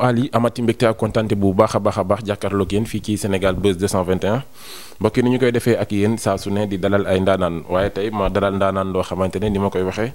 Ali amati mbégte ak kontante bu baax a baax a baax jàkkaarloog yéen fii ci Sénégal Buzz 221 mbokk yi ni ñu koy defee ak yéen saa ne ni ma koy waxee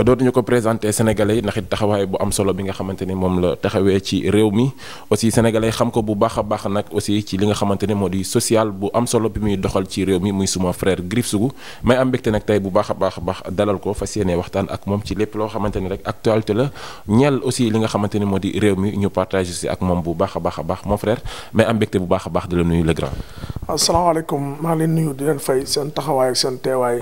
dootuñu ko présenté sénégalais yi ndax it taxawaay bu am solo bi nga xamante ne moom la taxawee ci réew mi aussi sénégalais xam ko bu baax a baax nag aussi ci li nga xamante ne moo di social bu am solo bi muy doxal ci réew mi muy suma frère Griff Sougou may am mbégte nag tey bu baax a baax a baax dalal ko fas yéene waxtaan ak moom ci lépp loo xamante ne rek actualité la ñeel aussi li nga xamante ne moo di réew mi ñu partager si ak moom bu baax a baax a baax mon frère mais am mbégte bu baax a baax di la nuyu le grand. asalaamaaleykum maa ngi leen nuyu di leen fay seen taxawaay ak seen teewaay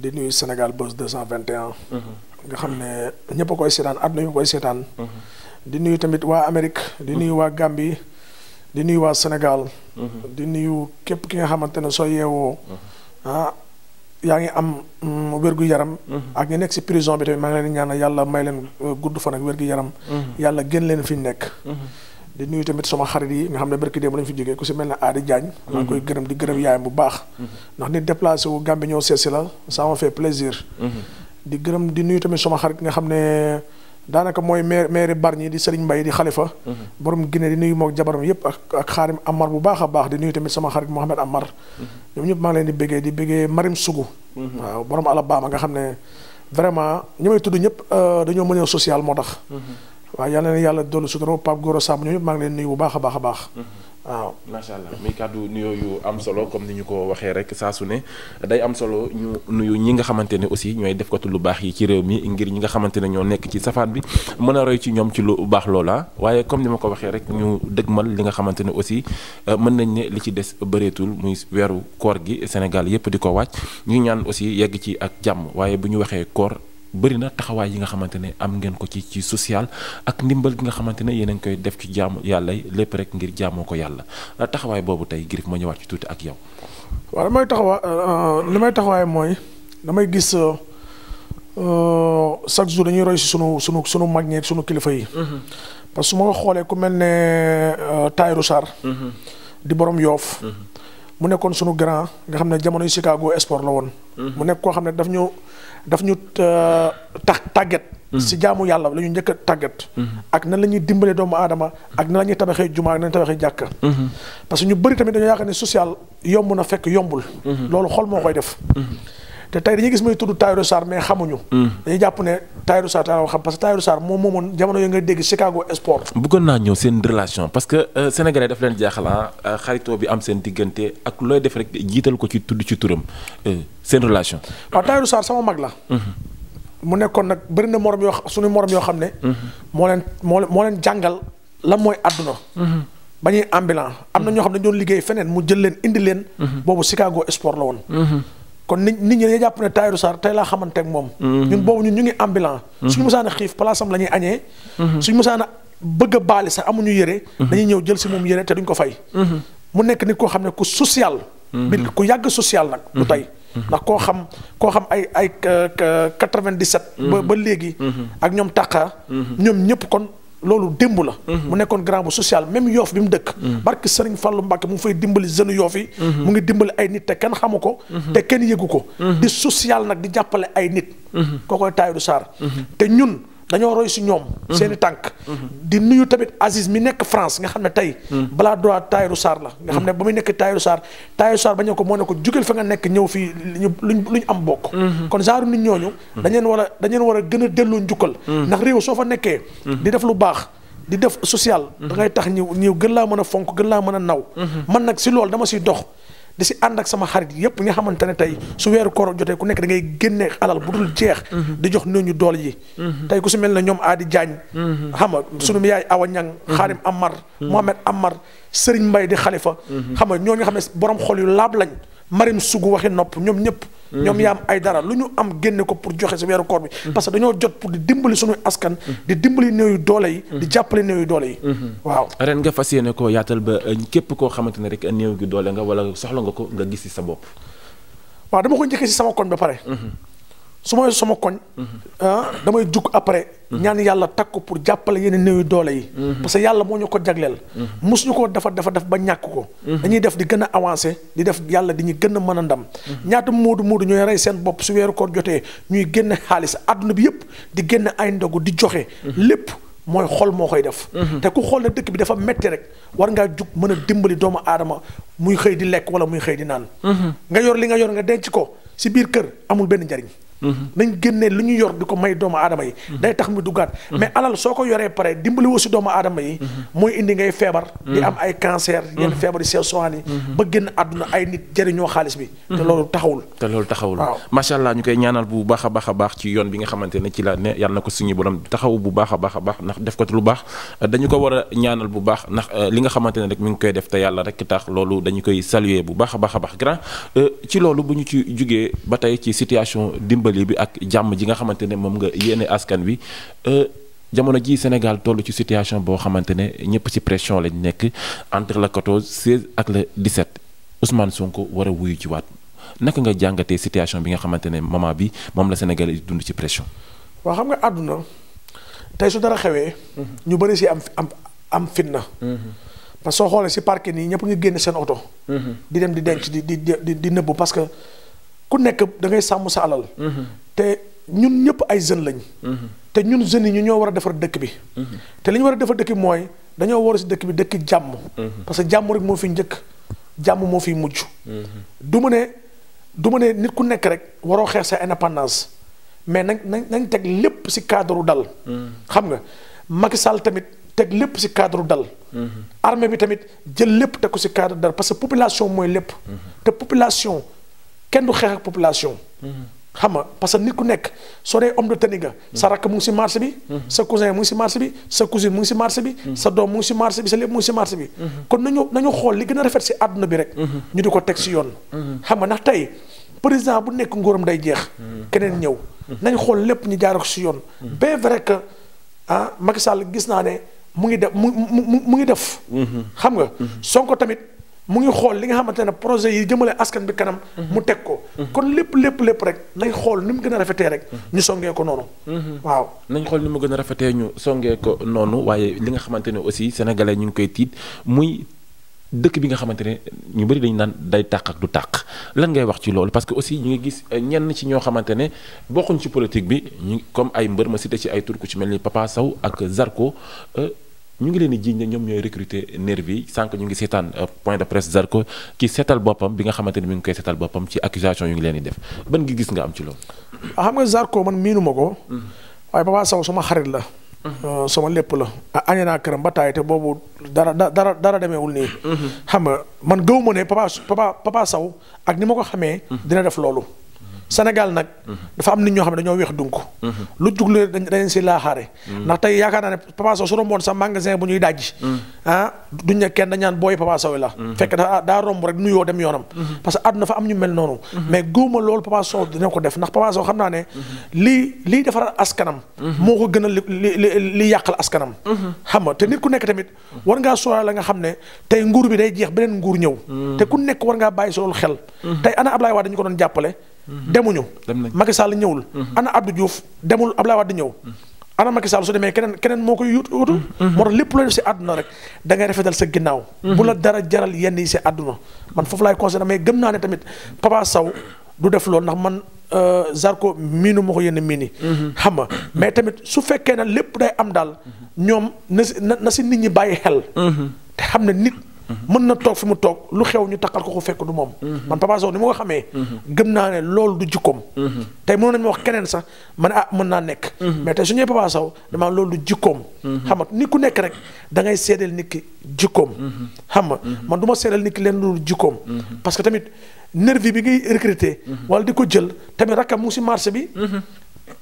di nuyu Sénégal Buzz 221. Mhm. nga xam ne ñëpp a koy seetaan àdduna ñu koy seetaan. Mhm. di nuyu tamit waa Amérique. di nuyu waa Gambie. di nuyu waa Sénégal. Mhm. di nuyu képp ki nga xamante ne soo yeewoo. Ah, yaa ngi am mm, wérgu yaram. Mm-hmm. ak ñi nekk si prison bi tamit maa ngi leen di ñaanal yàlla may leen euh, gudd fan ak wérgu yaram. Mm-hmm. yàlla gën leen fi ñu nekk. Mm-hmm. di nuyu tamit sama xarit yi nga xam ne barki démb lañ fi jógee ku si mel ne Adi maa koy gërëm di gërëm yaayam bu baax. ndax nit déplacé wu Gambie ñëw seet si la ça m'a fait plaisir. di gërëm di nuyu tamit sama xarit nga xam ne. daanaka mooy maire maire Bargny di Serigne mbay di xalifa mhm. borom Guinée di nuyu moog jabaram yëpp ak ak xaarim Amar bu baax a baax di nuyu tamit sama xarit Mohamed Amar. Mhm. ñoom ñëpp maa ngi leen di béggee di béggee Marim Sougou. Mhm. waaw borom Alabama nga xam ne vraiment ñi may tudd ñëpp euh, dañoo mën social moo tax. waaw yal na yàlla dolli sutura Pape Gora Samb ñoom ñëpp maa ngi leen nuyu bu baax a baax a baax. waaw macha allah muy kàddu nuyoo yu am solo comme ni ñu ko waxee rek saa su ne day am solo ñu nuyu ñi nga xamante ne aussi ñooy def katu lu baax yi ci réew mi ngir ñi nga xamante ne ñoo nekk ci safaat bi mën a roy ci ñoom ci lu baax loola waaye comme ni ma ko waxee rek ñu dëgmal li nga xamante ne aussi euh, mën nañ ne li ci des bëreetul muy weeru koor gi Sénégal yépp di ko wàcc ñu ñaan aussi yegg ci ak jàmm waaye bu ñu waxee koor. bëri na taxawaay yi nga xamante ne am ngeen ko ci ci social ak ndimbal gi nga xamante ne yéen a ngi koy def ci jaamu yàlla lépp rek ngir jaamoo ko yàlla euh, taxawaay boobu tey Griff ma ñëwaat ci tuuti ak yow. waaw li may taxawaay euh, euh, li may taxawaay mooy damay gis chaque dañuy roy si sunu sunu sunu mag ñeeg kilifa yi. Mm-hmm. parce su ma xoolee ku mel ne Tahirou Sarr. Mm-hmm. di borom yoof mm-hmm. mu nekkoon sunu grand nga xam ne jamonoy Chicago sport la woon. Mhm. mu nekk koo xam ne daf ñu daf ñu euh, tax tàgget. Mhm. si jaamu yàlla la ñu njëkk a tàggat. Mhm. ak nan la ñuy dimbalee doomu aadama ak na la ñuy tabaxee jumaa ak nan la tabaxee jàkka. parce que ñu bëri tamit dañoo yaakaar ne social yomb na fekk yombul. loolu xol moo koy def. te tey dañuy gis may tudd Tahirou Sarr mais xamuñu. Hmm. dañuy jàpp ne Tahirou Sarr daal xam parce que Tahirou Sarr moom moomoon jamono yooyu nga dégg Chicago Sport. bëggoon naa ñëw seen relation parce que euh, sénégalais daf leen jaaxal ah, euh, xaritoo bi am seen diggante ak looy def rek jiital ko ci tudd ci turam euh, seen relation. waaw Tahirou Sarr sama mag la. Hmm. mu nekkoon nag bëri na morom yoo suñu morom yoo xam ne. Hmm. moo leen moo moo leen jàngal lan mooy àdduna. ba ñuy ambulant am na ñoo xam ne dañu doon liggéey feneen mu jël leen indi leen. boobu Chicago Sport la woon. kon nit nit ñi dañuy jàpp ne Tahirou Sarr tey laa xamante ak moom. Mhm. ñun boobu ñun ñu ngi ambulant. Mhm. suñu musaan a xiif place am la ñuy añee. Mhm. suñu musaan a baali sax amuñu yére. dañuy ñëw jël si moom yére te duñ ko fay. mu nekk nit koo xam ne ku social. bi ku yàgg social nag. du tey ndax koo xam koo xam ay ay 97. Euh, euh, ba ba léegi. ak ñoom Takka. ñoom ñëpp kon. loolu démb la. Mhm. mu nekkoon grand bu social même yoof bi mu dëkk. Mhm. barke Serigne Fallou Mbacke mu ngi fay dimbali jeunes yoof yi. Mhm. mu ngi dimbali ay nit te kenn xamu ko. te kenn yëgu ko. di social nag di jàppale ay nit. koo koy Tahirou Sarr te ñun. dañoo roy si ñoom. Mhm. seen i tànk. Mhm. di nuyu tamit Aziz mi nekk France nga xam ne tey. Mhm. balaa droit Tahirou Sarr la. nga xam ne ba mu nekk Tahirou Sarr Tahirou Sarr bañ ko moo ne ko jugal fa nga nekk ñëw fii luñ ñu am bokk. kon genre nit ñooñu. dañ leen war a dañ leen war gën a delloo njukkal. ndax réew soo fa nekkee. di def lu baax. di def social. da ngay tax ñëw ñëw gën laa mën a fonk gën laa mën a naw. man nag si loolu dama si dox. di si ànd ak sama xarit yépp nga xamante ne tey su weeru koor jotee ku nekk da ngay génne alal bu dul jeex mm-hmm. di jox ñu dool yi mm-hmm. tey ku si mel na ñoom Adi Diagne mm-hmm. xam nga sunu yaay Awa Ñang Xaarim Amar Mohamed Amar Serigne mbay di xalifa xam nga ñooñu nga xam ne borom xol yu laab lañ Marim Sugu waxi nopp ñoom ñëpp Mm-hmm. ñoom yaa am ay dara lu ñu am génne ko pour joxe si weeru koor bi mm-hmm. parce que dañoo jot pour di dimbali suñuy askan mm-hmm. di dimbali néew yu doole yi di jàppale néew yu doole yi waaw ren nga fas yéene ko yaatal ba euh, képp koo xamante ne rek néew gi doole nga wala soxla nga ko nga gis si sa bopp waaw dama ko njëkkee si sama koñ ba pare su ma sama koñ. Ah, damay jug après. ñaan yàlla takk ko pour jàppale yenn néew doole yi. parce que yàlla moo ñu ko jagleel. mos ñu ko dafa dafa def ba ñàkk ko. dañuy def di gën a avancé di def yàlla di ñu gën mën a ndam. ñaata moodu moodu ñooy rey seen bopp su weeru jotee ñuy génn xaalis àdduna bi yëpp di génn ay ndogu di joxe. lépp mooy xol moo koy def. te ku xool ne dëkk bi dafa metti rek war ngaa jug mën a dimbali doomu aadama muy xëy di lekk wala muy xëy di naan. nga yor li nga yor nga denc ko si biir kër amul benn njariñ nañ génnee li ñu yor di ko may doomu aadama yi mhm. day tax mu duggaat mhm. mais alal soo ko yoree pare dimbali wasi doomu aadama yi mhm. mooy indi ngay feebar di am ay cancer yenn feebar yi sew sowaan yi ba génn àdduna ay nit jëriñoo xaalis bi te loolu taxawul te loolu taxawul waaw macha allah ñu koy ñaanal bu baax a baax a baax ci yoon bi nga xamante ne ci la ne yàlla na ko suñu borom taxaw bu baax a baax a baax ndax def ko lu baax dañu ko war a ñaanal bu baax ndax euh, li nga xamante ne rek mi ngi koy def te yàlla rek tax loolu dañu koy saluer bu baax a baax a baax grand euh, ci loolu bu ñu ci jugee ba tey ci situation dimbali dimbali bi ak jàmm ji nga xamante ne moom nga yéene askan wi euh, jamono ji Sénégal toll ci situation boo xamante ne ñëpp ci pression lañ nekk entre le 14 16 ak le 17 Ousmane Sonko war a wuyu ci waat naka nga jàngatee situation bi nga xamante ne moment bi moom la Sénégal di dund ci pression. waaw xam nga àdduna tey su dara xewee. ñu bëri si am am am fitna. Mm-hmm. parce que soo xoolee si parking yi ñëpp ngi génn seen oto. Mm-hmm. di dem di denc di di di nëbbu parce que. ku nekk da ngay sàmm sa alal. Mhm. te ñun ñëpp ay jeunes lañ. Mhm. te ñun jeunes yi ñu ñoo war a defar dëkk bi. Mhm. te li ñu war a defar dëkk bi mooy dañoo war si dëkk bi dëkk jàmm. parce que jàmm rek moo fi njëkk jàmm moo fi mujj. du ma ne du ma ne nit ku nekk rek waroo xeex sa indépendance mais nañ na nañ teg lépp si cadre dal. xam nga Macky Sall tamit teg lépp si cadre dal. armée bi tamit jël lépp teg si cadre dal parce que population mooy lépp. te population. kenn du xeex ak population xam nga parce que nit ku nekk soo dee homme de tenue nga sa rakk mu ngi si marché bi sa cousin mu ngi si marché bi sa mu si marché bi sa doom mu ngi si marché bi sa lépp mu ngi si marché bi kon nañu nañu xool li gën a rafet si àdduna bi rek ñu di ko teg si yoon xam nga ndax tey président bu nekk nguuram day jeex keneen ñëw nañ xool lépp ñu jaar ko si yoon bien vrai que ah Macky Sall gis naa ne mu ngi def mu mu mu ngi def mhm. xam nga mhm. Sonko tamit mu ngi xool li nga xamante ne projet yi jëmale askan bi kanam. Mhm. mu teg ko. Mhm. kon lépp lépp lépp rek nañ xool ni mu gën a rafetee rek. Mhm. ñu songee ko noonu. waaw nañ xool ni mu gën a rafetee ñu songee ko noonu waaye li nga xamante ne aussi sénégalais ñu ngi koy tiit muy. dëkk bi nga xamante ne ñu bëri dañu naan day tàq ak du tàq lan ngay wax ci loolu parce que aussi ñu ngi gis euh, ñenn ci ñoo xamante ne bokkuñ ci politique bi ñu comme ay mbër ma cité ci ay tur ku ci mel ni Papa Sow ak Zarko euh, ñu ngi leen di jiiñ ne ñoom ñooy recruter nervi yi sànq ñu ngi seetaan euh, point de presse Zarko ki seetal boppam bi nga xamante ni mu ngi koy seetal boppam ci accusation yu ngi leen di def ban ngi gis nga am ci loolu. Ah, xam nga Zarko man miinu ma ko. Mm-hmm. waaye Papa Sow sama xarit la. Mm-hmm. Euh, sama lépp la. ah añee naa këram ba taay te boobu dara dara dara demeewul nii. Mm-hmm. xam nga man gëw ma ne Papa Papa Papa ak ni ma ko xamee. dina def loolu. Sénégal nag. dafa am nit ñoo xam ne dañoo weex dunk. lu juglu dañ dañ si laaxaare. ndax tey yaakaar naa ne Papa su romboon sa magasin bu ñuy dajji. ah duñ ne kenn dañ ñaan booy Papa Sow la. fekk daa daa romb rek nuyoo dem yoonam. parce que àdduna fa am ñu mel noonu. mais góoma loolu Papa Sow ko def ndax Papa Sow xam naa ne. lii lii defaral askanam. moo ko gën a li li li yàqal askanam. xam nga te nit ku nekk tamit war ngaa sóoraale la nga xam ne tey nguur bi day jeex beneen nguur ñëw. te ku nekk war ngaa bàyyi si loolu xel. tey ana ko doon jàppale Mhm. demuñu. dem nañ Macky Sall ñëwul. Mhm. ana Abdou Diouf demul Abdoulaye Wade ñëw. Mhm. ana Macky Sall su demee keneen keneen moo koy yutu wutu. moo tax lépp loo def si àdduna rek da ngay sa ginnaaw. bu la dara jaral yenn yi si àdduna man foofu laay conseillé mais gëm naa ne tamit Papa Sow du def loolu ndax man. Euh, Zarko miinu ma ko yenn miini. xam nga mais tamit su fekkee na lépp day am daal ñoom na si na si nit ñi bàyyi xel. te xam ne nit. mën na toog fi mu toog lu xew ñu takkal ko ku fekk du moom mhm. man Papa Sow ni ma ko xamee mhm. gëm naa ne loolu du jikkoom mhm. tey mënoon nañu wax keneen sax man ah mën naa nekk mais tey su ñëwee Papa Sow damaa loolu du jikkoom xam nga ni ku nekk rek dangay ngay seedeel nit ki jikkoom xam nga man du ma seedeel nit ki leen loolu jikkoom parce que tamit nervie bi ngay recruter wala di ko jël tamit rakkam mu si marché bi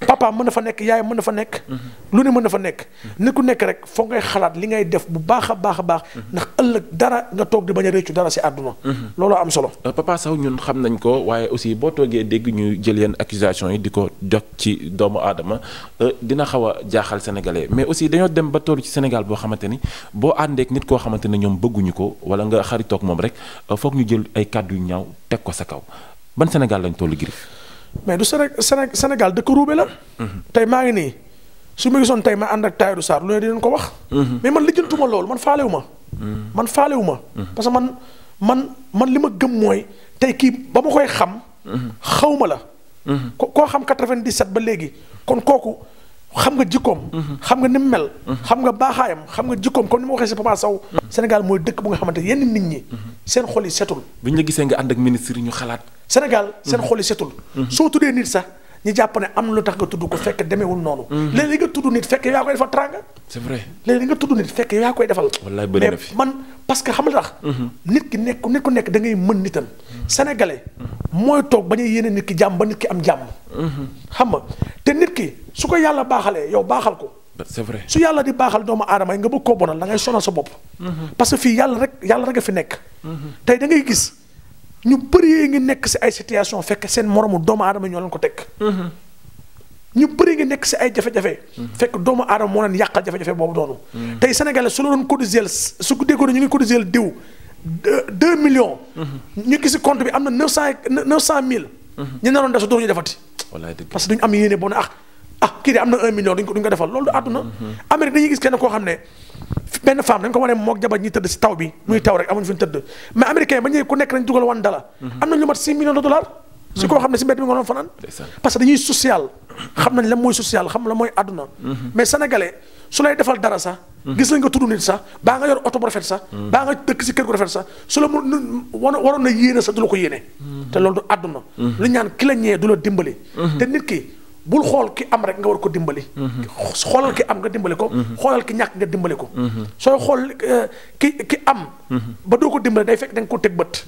papa mën na fa nekk yaay mën na fa nekk. Mhm. lu ne mën na fa nekk. ni ku nekk rek foog ngay xalaat li ngay def bu baax a baax a baax. Mhm. ndax ëllëg dara nga toog di bañ a réccu dara si àdduna. Mhm. loolu am solo. Euh, papa saw ñun xam nañ ko waaye aussi boo toogee dégg ñu jël yenn accusation yi di ko jot ci doomu aadama euh, dina xaw a jaaxal sénégalais mais aussi dañoo dem ba toll ci Sénégal boo xamante ni boo àndeek nit koo xamante ne ñoom bëgguñu ko wala nga xaritoog moom rek euh, foog ñu jël ay kàddu yu ñaaw teg ko sa kaw ban Sénégal lañ toll Griff. mais du Sénégal Sénégal dëkk ruube la. Mhm. tey maa ngi nii su ma gisoon tey ma ànd ak Tahirou saar lu ne dinañ ko wax. Mhm. mais man lijjantuma loolu man faalewu ma. Mhm. man faalewu ma. parce que man man man li ma gëm mooy tey kii ba ma koy xam. xaw ma la. koo xam 97 ba léegi kon kooku xam nga jikkoom. xam nga ni mu mel. xam nga baaxaayam xam nga jikkoom comme ni ma waxee si Papa Sow. Sénégal mooy dëkk bu nga xamante yenn nit ñi. seen xol yi setul. bu ñu la gisee nga ànd ak ministre yi ñu xalaat. Sénégal seen mhm. xol yi setul. Mhm. soo tuddee nit sax ñu jàpp ne am na lu tax nga tudd ko fekk demeewul noonu. Mhm. léegi li nga tudd nit fekk yaa koy defal teraanga. c'est vrai léegi li nga tudd nit fekk yaa koy defal. wallaay mais man parce xam nga tax. nit ki nekk nit ku nekk da ngay mën nitam. sénégalais mooy toog bañ a yéene ki jàmm ba nit ki am jàmm. xam nga te nit ki su ko yàlla baaxalee yow baaxal ko. c'est vrai su yàlla di baaxal doomu aadama yi nga bëgg koo bonal da ngay sonal sa bopp. parce que fii yàlla rek yàlla rek fi nekk. tey da ngay gis. ñu bëri yooyu nga nekk si ay situation fekk seen moromu doomu aadama ñoo leen ko teg. Mhm. ñu bëri nga nekk si ay jafe-jafe. Mhm. fekk doomu aadama moo leen yàqal jafe-jafe boobu doonu mhm. tey Sénégalais su la doon cotiser su déggoo ñu ngi cotiser diw deux millions. ñu gis compte bi am na neuf cent neuf cent mille. ñu naroon def sa dootuñu am yéene boo ne ah, ah kii de am na un million duñ ko ko defal loolu du àdduna. Amérique dañuy gis kenn koo xam ne benn femme dañ ko wane mook jabar ñi tëdd si taw bi muy taw rek amuñu fi ñu tëdd mais américain ba ñëwee ku nekk dañ dugal wan dala mhm. am nañ lu mat 6 millions de dollars si koo xam ne si mbedd mi nga doon fanaan parce dañuy social xam nañ la mooy social xam la mooy àdduna mhm. mais sénégalais su lay defal dara sax mhm. gis nañ nga tudd nit sax baa nga yor oto bu rafet sax baa nga dëkk si kër gu rafet sax su la mu waroon na yéene sax du la ko yéene te loo du àdduna lu ñaan ki la ñee du la dimbali te nit ki bul xool ki am rek nga war ko dimbali. Mhm. xoolal ki am nga dimbali ko. Mhm. xoolal ki ñàkk nga dimbali ko. Mhm. sooy xool euh, ki ki am. ba doo ko dimbali day fekk da nga ko teg bët.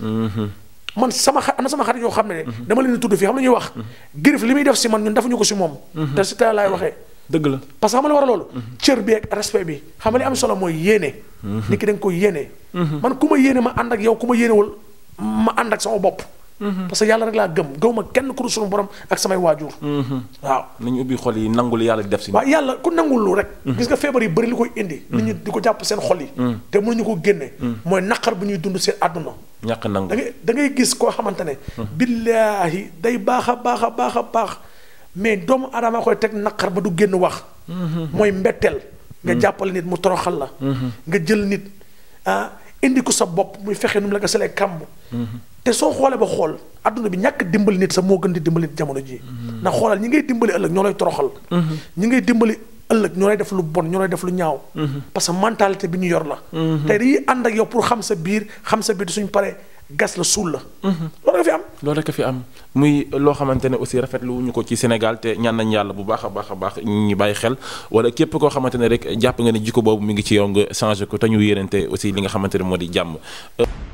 man sama xa na sama xarit yoo xam ne. dama leen di tudd fii xam na ñuy wax. Griff li muy def si man ñun defuñu ko si moom. te si tey laay waxee. la parce que xam nga lu war a loolu. cër bi ak respect bi xam nga am solo mooy yéene. nit ki da nga koy yéene. man ku ma yéene ma ànd ak yow ku ma yéenewul ma ànd ak sama bopp. Mm-hmm. parce que yàlla rek laa gëm gaw ma kenn ku dul suñu borom ak samay waajur. Mm-hmm. waaw nañu ubbi xol yi nangul yàlla def si. waaw yàlla ku nangul lu rek. Mm-hmm. gis nga feebar yi bëri li koy indi. nit ñi di ko jàpp seen xol yi. te mënuñu ko génne. mooy naqar bu ñuy dund seen àdduna. ñàkk nangu da da ngay gis koo xamante ne. billaahi day baax a baax a baax a baax mais doomu aadama koy teg naqar ba du génn wax. mooy mbetteel. nga jàppale nit mu toroxal la. nga jël nit ah indi ko sa bopp muy fexe nu mu la ko selee kàmb te soo xoolee ba xool adduna bi ñàkk dimbali nit sax moo gën di dimbali nit jamono ji ndax xoolal ñi ngay dimbali ëllëg ñoo lay toroxal ñi ngay dimbali ëllëg ñoo lay def lu bon ñoo lay def lu ñaaw parce que mentalité bi ñu yor la tey dañuy ànd ak yow pour xam sa biir xam sa biir suñ paree gas la suul la loolu nga fi am loolu rek a fi am muy loo xamante ne aussi rafetlu wuñu ko ci Sénégal te ñaan nañ yàlla bu baax a baax a baax ñu bàyyi xel wala képp koo xamante ne rek jàpp nga ne jikko boobu mu ngi ci yow nga changé ko te ñu yéenante aussi li nga xamante ne moo di jàmm.